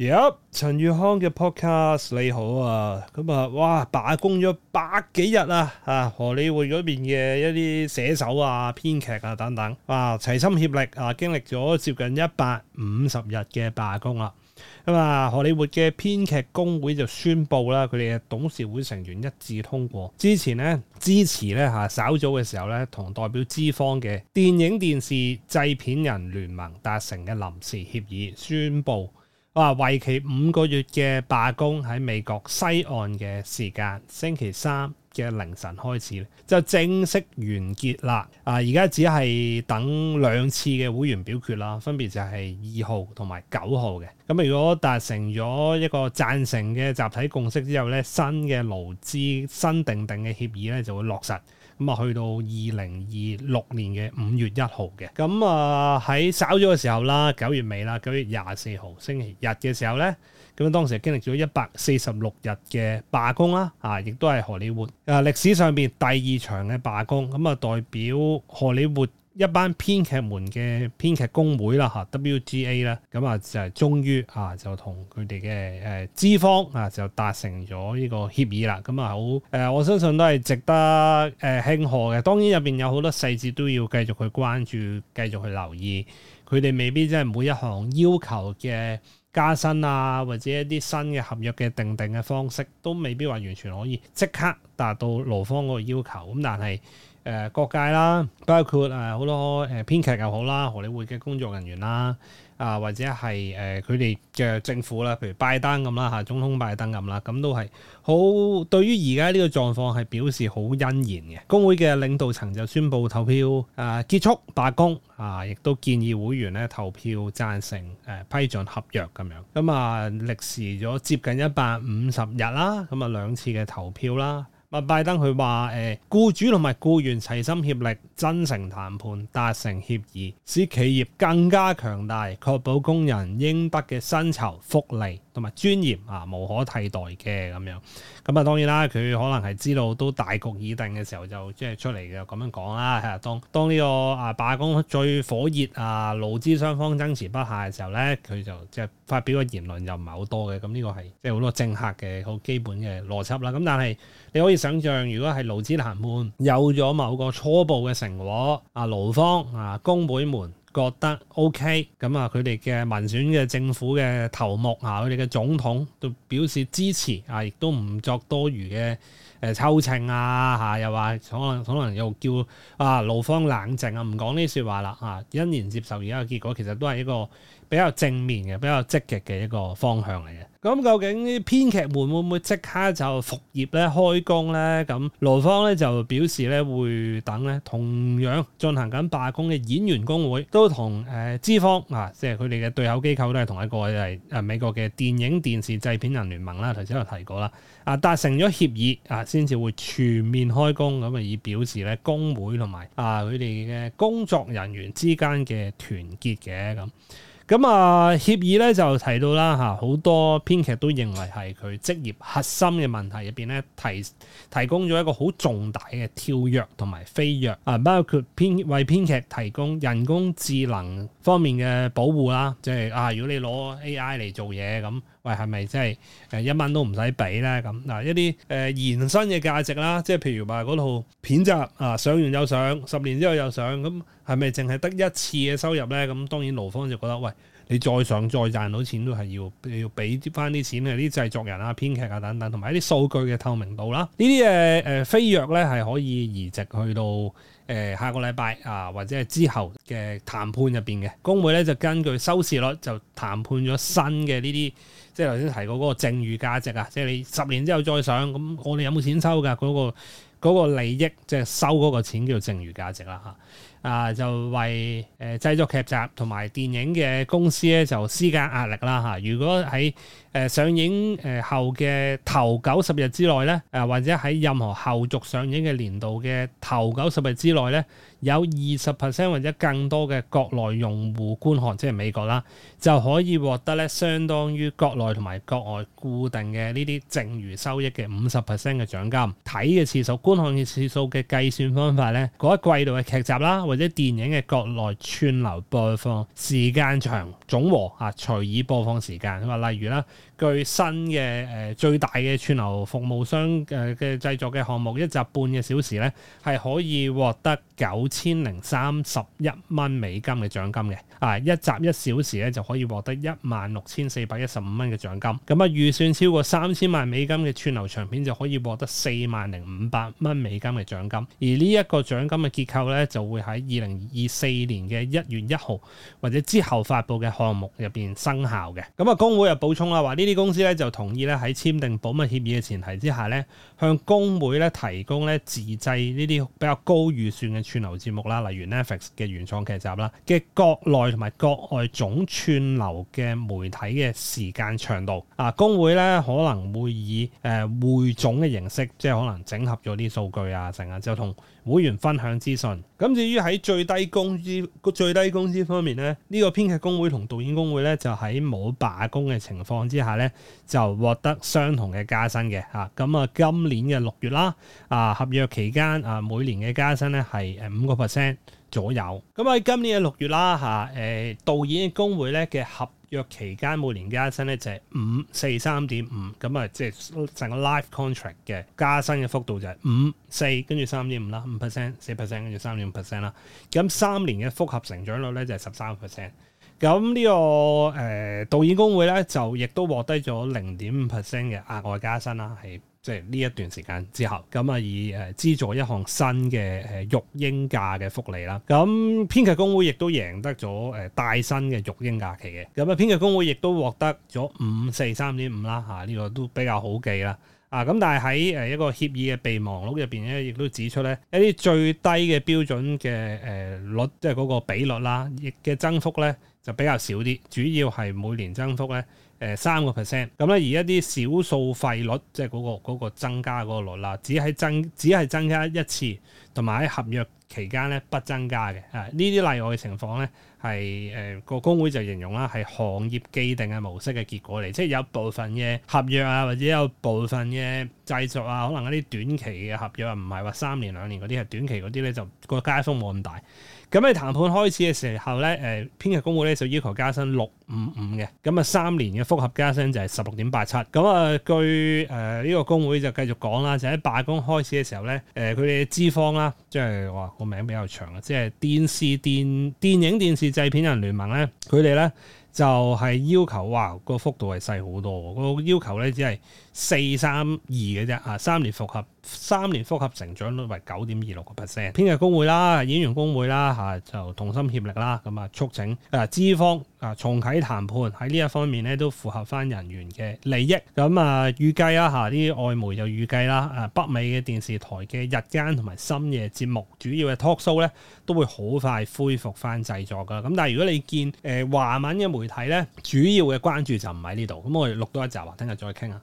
有陳宇康嘅 podcast 你好啊，咁啊哇罷工咗百幾日啊，啊荷里活嗰邊嘅一啲寫手啊、編劇啊等等，哇齊心協力啊，經歷咗接近一百五十日嘅罷工啦，咁啊荷里活嘅編劇工會就宣布啦，佢哋嘅董事會成員一致通過之前呢，支持咧吓稍早嘅時候咧同代表資方嘅電影電視製片人聯盟達成嘅臨時協議，宣布。話、啊、為期五個月嘅罷工喺美國西岸嘅時間，星期三嘅凌晨開始，就正式完結啦。啊，而家只係等兩次嘅會員表決啦，分別就係二號同埋九號嘅。咁如果達成咗一個贊成嘅集體共識之後咧，新嘅勞資新定定嘅協議咧就會落實。咁啊，去到二零二六年嘅五月一號嘅，咁啊喺稍早嘅時候啦，九月尾啦，九月廿四號星期日嘅時候呢，咁當時經歷咗一百四十六日嘅罷工啦，啊，亦都係荷里活啊，歷史上邊第二場嘅罷工，咁啊代表荷里活。一班編劇們嘅編劇工會啦吓 WGA 啦，咁啊就係終於嚇、啊、就同佢哋嘅誒資方啊就達成咗呢個協議啦，咁啊好誒，我相信都係值得誒慶賀嘅。當然入邊有好多細節都要繼續去關注，繼續去留意。佢哋未必真係每一項要求嘅加薪啊，或者一啲新嘅合約嘅定定嘅方式，都未必話完全可以即刻達到勞方嗰個要求。咁但係。誒各界啦，包括誒好多誒編劇又好啦，荷里活嘅工作人員啦，啊或者係誒佢哋嘅政府啦，譬如拜登咁啦吓，總統拜登咁啦，咁都係好對於而家呢個狀況係表示好欣然嘅。工會嘅領導層就宣布投票誒結束罷工啊，亦都建議會員咧投票贊成誒批准合約咁樣。咁啊歷時咗接近一百五十日啦，咁啊兩次嘅投票啦。問拜登佢話：誒，僱主同埋僱員齊心協力、真誠談判、達成協議，使企業更加強大，確保工人應得嘅薪酬、福利同埋尊嚴啊，無可替代嘅咁樣。咁啊，當然啦，佢可能係知道都大局已定嘅時候，就即係出嚟嘅。咁樣講啦。當當呢個啊罷工最火熱啊，勞資雙方爭持不下嘅時候咧，佢就即係發表嘅言論就唔係好多嘅。咁呢個係即係好多政客嘅好基本嘅邏輯啦。咁但係你可以。想象如果係勞資談判有咗某個初步嘅成果，啊勞方啊工會們覺得 OK，咁啊佢哋嘅民選嘅政府嘅頭目啊，佢哋嘅總統都表示支持啊，亦都唔作多餘嘅誒抽秤啊，嚇、啊、又話可能可能又叫啊勞方冷靜啊，唔講呢啲説話啦啊，欣然接受而家嘅結果，其實都係一個。比較正面嘅，比較積極嘅一個方向嚟嘅。咁究竟編劇們會唔會即刻就復業咧，開工呢？咁羅芳咧就表示咧會等咧，同樣進行緊罷工嘅演員工會都同誒、呃、資方啊，即係佢哋嘅對口機構都係同一個係誒、就是、美國嘅電影電視製片人聯盟啦。頭先我提過啦，啊達成咗協議啊，先至會全面開工。咁啊以表示咧工會同埋啊佢哋嘅工作人員之間嘅團結嘅咁。啊嗯咁啊，協議咧就提到啦，吓、啊、好多編劇都認為係佢職業核心嘅問題入邊咧，提提供咗一個好重大嘅跳躍同埋飛躍啊，包括編為編劇提供人工智能方面嘅保護啦、啊，即係啊，如果你攞 AI 嚟做嘢咁。啊係咪即係誒一蚊都唔使俾呢？咁嗱一啲誒延伸嘅價值啦，即係譬如話嗰套片集啊，上完又上，十年之後又上，咁係咪淨係得一次嘅收入呢？咁當然勞方就覺得喂，你再上再賺到錢都係要要俾翻啲錢係啲製作人啊、編劇啊等等，同埋一啲數據嘅透明度啦，呃、呢啲誒誒飛躍呢係可以移植去到。誒、呃、下個禮拜啊，或者係之後嘅談判入邊嘅工會咧，就根據收視率就談判咗新嘅呢啲，即係頭先提過嗰個剩餘價值啊，即係你十年之後再上，咁我哋有冇錢收㗎嗰、那個？嗰個利益即係、就是、收嗰個錢叫剩餘價值啦嚇，啊就為誒製作劇集同埋電影嘅公司咧就施加壓力啦嚇、啊。如果喺誒上映誒後嘅頭九十日之內咧，啊或者喺任何後續上映嘅年度嘅頭九十日之內咧。有二十 percent 或者更多嘅國內用戶觀看，即係美國啦，就可以獲得咧相當於國內同埋國外固定嘅呢啲剩餘收益嘅五十 percent 嘅獎金。睇嘅次數、觀看嘅次數嘅計算方法咧，嗰一季度嘅劇集啦，或者電影嘅國內串流播放時間長總和啊，隨意播放時間。佢話例如啦。據新嘅誒、呃、最大嘅串流服務商誒嘅、呃、製作嘅項目一集半嘅小時咧，係可以獲得九千零三十一蚊美金嘅獎金嘅。啊，一集一小時咧，就可以獲得一萬六千四百一十五蚊嘅獎金。咁、嗯、啊，預算超過三千萬美金嘅串流長片，就可以獲得四萬零五百蚊美金嘅獎金。而呢一個獎金嘅結構咧，就會喺二零二四年嘅一月一號或者之後發佈嘅項目入邊生效嘅。咁啊，工會又補充啦，話呢啲公司咧就同意咧喺簽訂保密協議嘅前提之下咧，向工會咧提供咧自製呢啲比較高預算嘅串流節目啦，例如 Netflix 嘅原創劇集啦嘅國內同埋國外總串流嘅媒體嘅時間長度啊，工會咧可能會以誒匯總嘅形式，即係可能整合咗啲數據啊，成啊，就同會員分享資訊。咁至於喺最低工資，最低工資方面咧，呢個編劇工會同導演工會咧就喺冇罷工嘅情況之下咧，就獲得相同嘅加薪嘅嚇。咁啊，今年嘅六月啦，啊，合約期間啊每年嘅加薪咧係誒五個 percent。左右，咁喺今年嘅六月啦嚇，誒導演嘅工會咧，嘅合約期間每年加薪咧就係五四三點五咁啊，即係成個 life contract 嘅加薪嘅幅度就係五四跟住三點五啦，五 percent 四 percent 跟住三點五 percent 啦。咁三年嘅複合成長率咧就係十三個 percent。咁呢個誒導演工會咧就亦都獲得咗零點五 percent 嘅額外加薪啦，係。即係呢一段時間之後，咁啊以誒資助一項新嘅誒育嬰假嘅福利啦。咁編劇工會亦都贏得咗誒帶薪嘅育嬰假期嘅。咁啊編劇工會亦都獲得咗五四三點五啦。嚇，呢個都比較好記啦。啊，咁但係喺誒一個協議嘅備忘錄入邊咧，亦都指出咧一啲最低嘅標準嘅誒率，即係嗰個比率啦，亦嘅增幅咧。就比較少啲，主要係每年增幅咧，誒三個 percent。咁咧，而一啲少數費率，即係嗰個嗰個增加嗰個率啦，只係增，只係增加一次，同埋喺合約，期間咧不增加嘅。啊呢啲例外嘅情況咧，係誒個工會就形容啦，係行業既定嘅模式嘅結果嚟，即係有部分嘅合約啊或者有部分嘅製作啊，可能一啲短期嘅合約啊，唔係話三年兩年嗰啲係短期嗰啲咧，就個加幅冇咁大。咁喺談判開始嘅時候咧，誒編劇工會咧就要求加薪六五五嘅，咁啊、嗯、三年嘅複合加薪就係十六點八七，咁、嗯、啊據誒呢、呃這個工會就繼續講啦，就喺、是、罷工開始嘅時候咧，誒佢哋資方啦，即係話個名比較長嘅，即係電視電電影電視製片人聯盟咧，佢哋咧就係、是、要求哇、這個幅度係細好多，這個要求咧只係四三二嘅啫，嚇、啊、三年複合。三年複合成長率為九點二六個 percent，編劇工會啦、演員工會啦嚇、啊，就同心協力啦，咁啊促請誒資方啊重啟談判，喺呢一方面咧都符合翻人員嘅利益，咁啊預計啦，嚇啲、啊、外媒就預計啦，誒、啊、北美嘅電視台嘅日間同埋深夜節目主要嘅 talk show 咧都會好快恢復翻製作噶，咁、啊、但係如果你見誒華、呃、文嘅媒體咧，主要嘅關注就唔喺呢度，咁我哋錄多一集啊，聽日再傾啊。